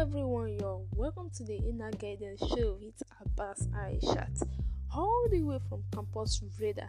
everyone, y'all. Welcome to the Inner Guidance Show with Abbas Aishat, all the way from Campus Radar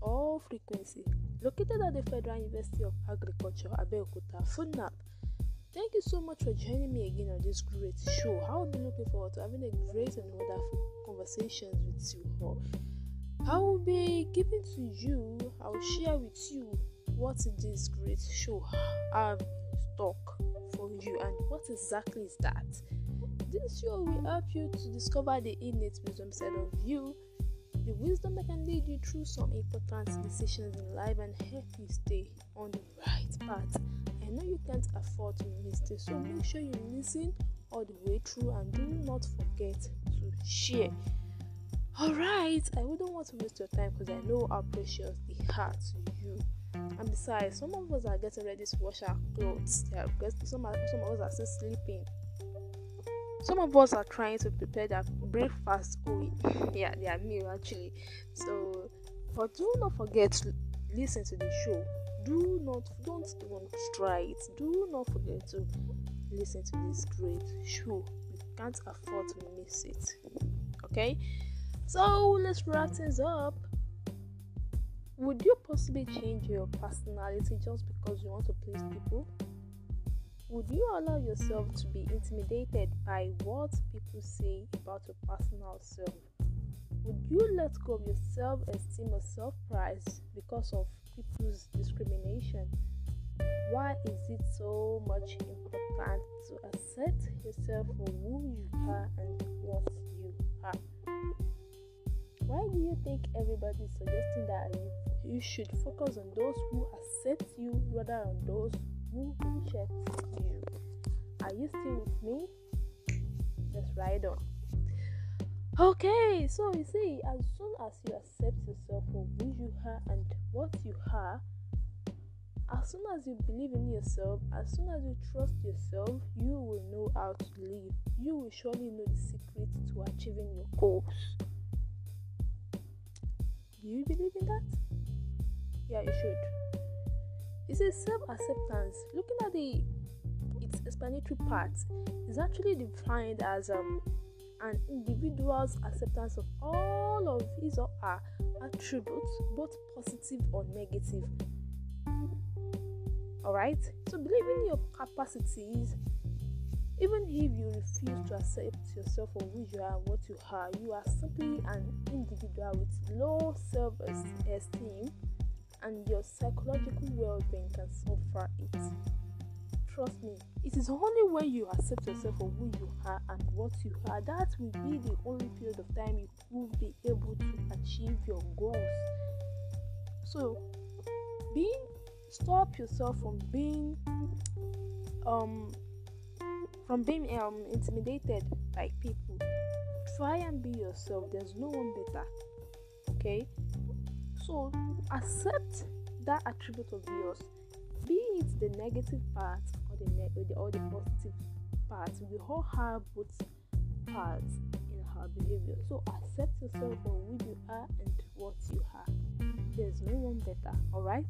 all oh frequency, located at the Federal University of Agriculture, Abeokuta, FUNAP. Thank you so much for joining me again on this great show. I'll be looking forward to having a great and wonderful conversations with you all. I will be giving to you, I will share with you what this great show have in stock you and what exactly is that? This show will help you to discover the innate wisdom side of you, the wisdom that can lead you through some important decisions in life and help you stay on the right path. I know you can't afford to miss this, so make sure you listen all the way through and do not forget to share. Alright, I wouldn't want to waste your time because I know how precious the heart to you. And besides, some of us are getting ready to wash our clothes. Some, are, some of us are still sleeping. Some of us are trying to prepare their breakfast. Oh, yeah, their meal actually. So, but do not forget to listen to the show. Do not, don't even try it. Do not forget to listen to this great show. You can't afford to miss it. Okay? So, let's wrap things up. Would you possibly change your personality just because you want to please people? Would you allow yourself to be intimidated by what people say about your personal self? Would you let go of your self esteem or self pride because of people's discrimination? Why is it so much important to accept yourself for who you are and what you are? Why do you think everybody is suggesting that I you should focus on those who accept you rather than those who reject you. Are you still with me? Let's ride on. Okay, so you see, as soon as you accept yourself for who you are and what you are, as soon as you believe in yourself, as soon as you trust yourself, you will know how to live. You will surely know the secret to achieving your goals. Do you believe in that? yeah you should it says self-acceptance looking at the its explanatory part is actually defined as um, an individual's acceptance of all of his or her attributes both positive or negative all right so believe in your capacities even if you refuse to accept yourself for who you are, what you are, you are simply an individual with low self esteem and your psychological well being can suffer it. Trust me, it is only when you accept yourself for who you are and what you are that will be the only period of time you will be able to achieve your goals. So, being stop yourself from being um from being um intimidated by people. Try and be yourself. There's no one better. Okay? So accept that attribute of yours, be it the negative part or the, ne- or the positive part. We all have both parts in our behavior. So accept yourself for who you are and what you are. There's no one better. All right.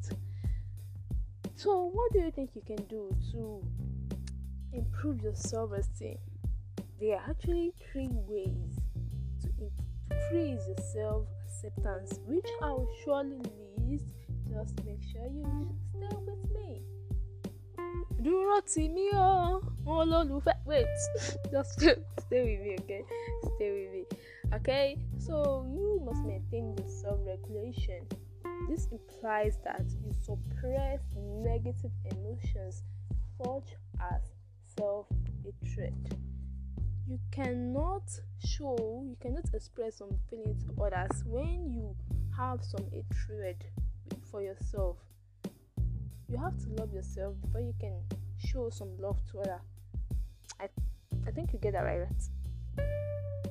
So what do you think you can do to improve your self-esteem? There are actually three ways to increase your self acceptance, which I will surely list. Just make sure you stay with me. Dúró tì mí o, olólùfẹ́. Wait, just stay with me, okay? Stay with me. Okay, so you must maintain your self regulation. This implies that you suppress negative emotions such as self hatred you cannot show, you cannot express some feelings to others when you have some hatred for yourself. You have to love yourself before you can show some love to other. I, I think you get that right.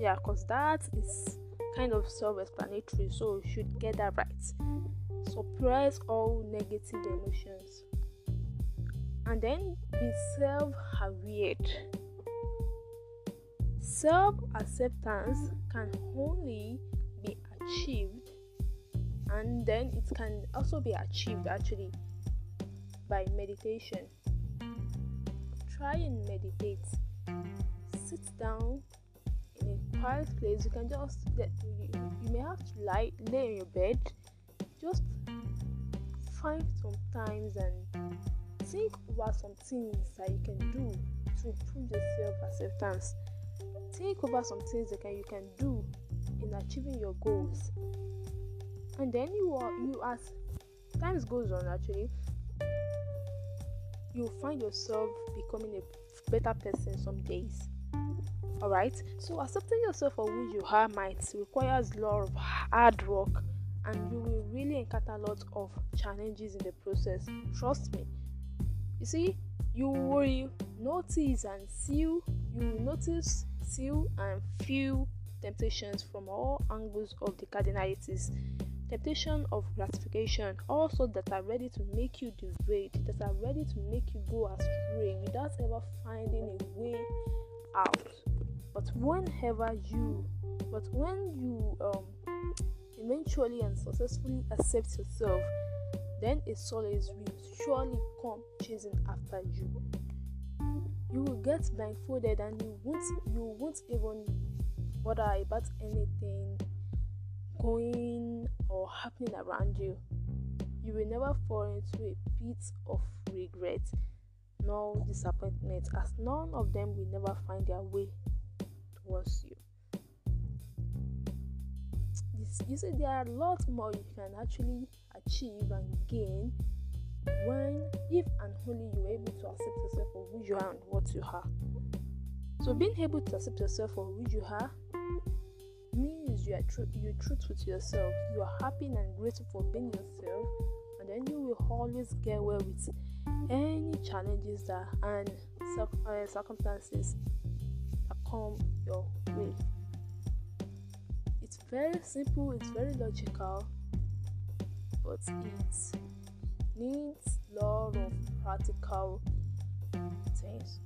Yeah, cause that is kind of self-explanatory, so you should get that right. Suppress all negative emotions, and then be self-aware Self acceptance can only be achieved, and then it can also be achieved actually by meditation. Try and meditate. Sit down in a quiet place. You can just you, may have to lie lay in your bed. Just find some times and think about some things that you can do to improve your self acceptance. Think over some things that you can do in achieving your goals. And then you are you as time goes on actually, you'll find yourself becoming a better person some days. Alright? So accepting yourself for who you are might requires a lot of hard work and you will really encounter lots of challenges in the process. Trust me. You see, you will notice and see you will notice few and few temptations from all angles of the cardinalities temptation of gratification also that are ready to make you deviate that are ready to make you go astray without ever finding a way out but whenever you but when you um, eventually and successfully accept yourself then a solace will surely come chasing after you you will get blindfolded and you won't you won't even bother about anything going or happening around you. You will never fall into a pit of regret nor disappointment, as none of them will never find their way towards you. you see, there are a lot more you can actually achieve and gain when, if and only you are able to accept yourself for who you are and what you are. So, being able to accept yourself for who you are means you are true, you're truthful to yourself. You are happy and grateful for being yourself, and then you will always get well with any challenges that and eh, circumstances that come your way. It's very simple. It's very logical, but it's needs lot of practical things.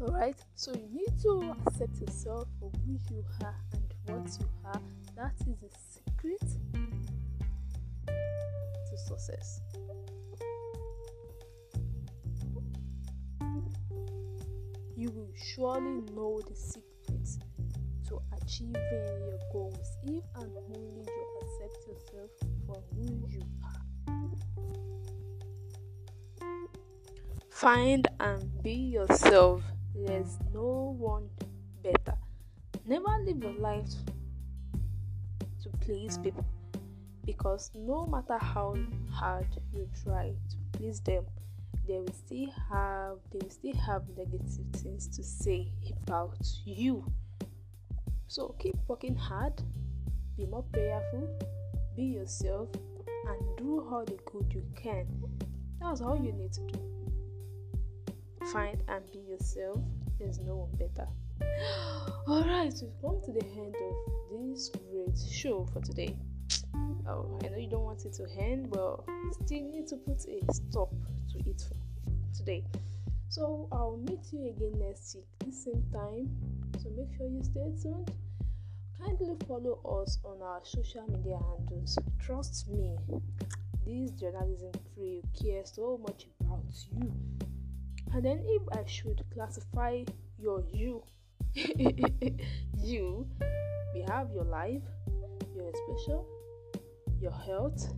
Alright, so you need to accept yourself for who you are and what you are. That is the secret to success. You will surely know the secret to achieving your goals if and only you accept yourself for who you are. Find and be yourself. There's no one better. Never live your life to please people because no matter how hard you try to please them, they will still have they will still have negative things to say about you. So keep working hard, be more prayerful, be yourself, and do all the good you can. That's all you need to do. Find and be yourself. There's no one better. Alright, we've come to the end of this great show for today. Oh, I know you don't want it to end, but you still need to put a stop to it for today. So I'll meet you again next week, the same time. So make sure you stay tuned. Kindly follow us on our social media handles. Trust me, this journalism crew cares so much about you. And then, if I should classify your you, you, we have your life, your special, your health,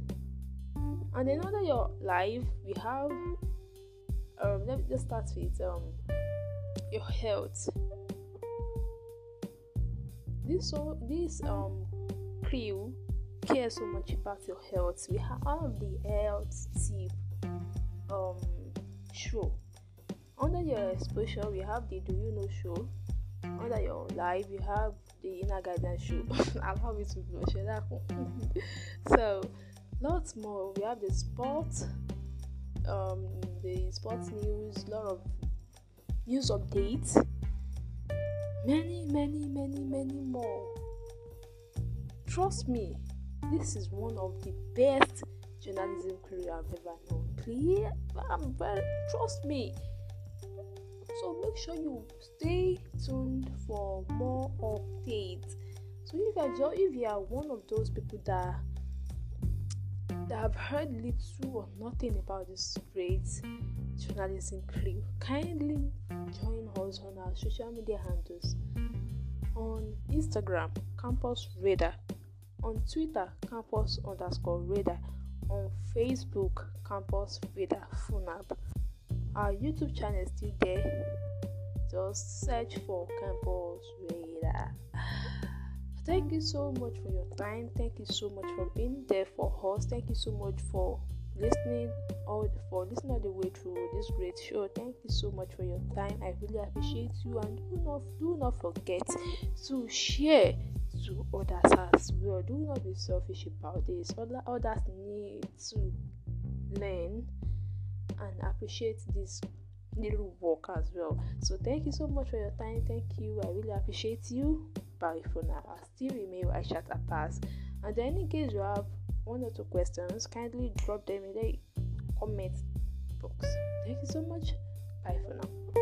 and then under your life, we have um, let me just start with um, your health this so this um crew care so much about your health. We have the health tip um show. Under your exposure, we have the Do You Know show. Under your life, you have the Inner Guidance show. I'll have it to share that so, lots more. We have the sport, um, the sports news, lot of news updates many, many, many, many more. Trust me, this is one of the best journalism career I've ever known. Please, I'm very, trust me. So make sure you stay tuned for more updates. So if you are if you are one of those people that that have heard little or nothing about this great journalism crew, kindly join us on our social media handles on Instagram, Campus Radar, on Twitter, Campus underscore Radar, on Facebook, Campus Radar Funab. Our YouTube channel is still there. Just search for Campus Radar. Thank you so much for your time. Thank you so much for being there for us. Thank you so much for listening all for listening all the way through this great show. Thank you so much for your time. I really appreciate you and do not do not forget to share to others as well. Do not be selfish about this. others need to learn and appreciate this little work as well. So thank you so much for your time. Thank you. I really appreciate you. Bye for now. I still email I chat a pass. And then in case you have one or two questions, kindly drop them in the comment box. Thank you so much. Bye for now.